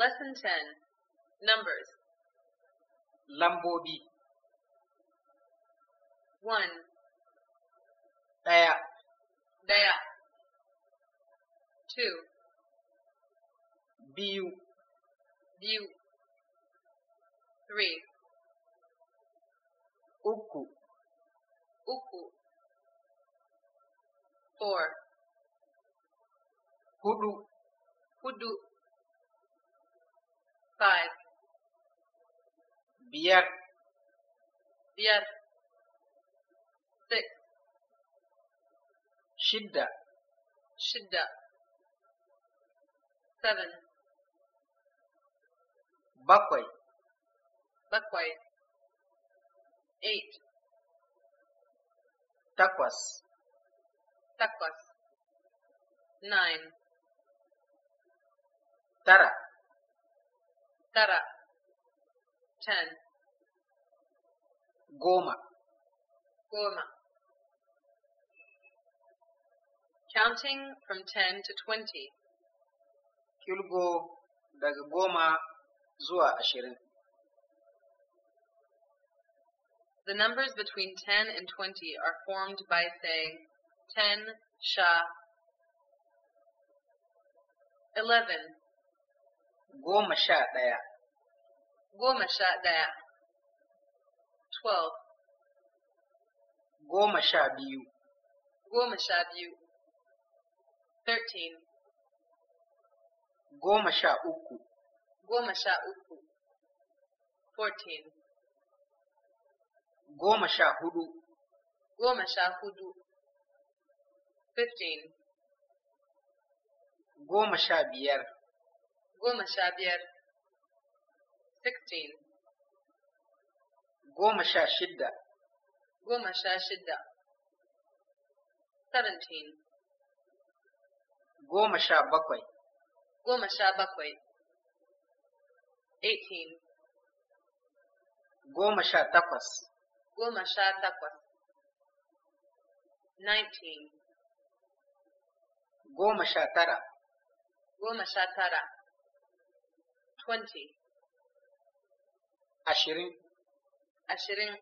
Lesson 10 Numbers Lambobi 1 Daya Daya 2 Biu. Biu. 3 Uku Uku 4 Hudu Hudu Five. Beer. Beer. Six. Shidda. Shidda. Seven. Bakwai. Bakwai. Eight. Takwas. Takwas. Nine. Tara tara ten goma goma counting from ten to twenty kilgo daga goma zuwa ashirin The numbers between 10 and 20 are formed by saying 10 sha 11 goma sha ɗaya. Goma sha ɗaya. Twelve. Goma sha biyu. Goma sha biyu. Thirteen. Goma sha uku. Goma sha uku. Fourteen. Goma sha hudu. Goma sha hudu. Fifteen. Goma sha biyar. goma sha biyar sixteen goma sha shidda goma sha shidda seventeen goma sha bakwai goma sha bakwai eighteen goma sha takwas goma sha takwas nineteen goma sha tara goma sha tara 20. Ashirin. Ashirin.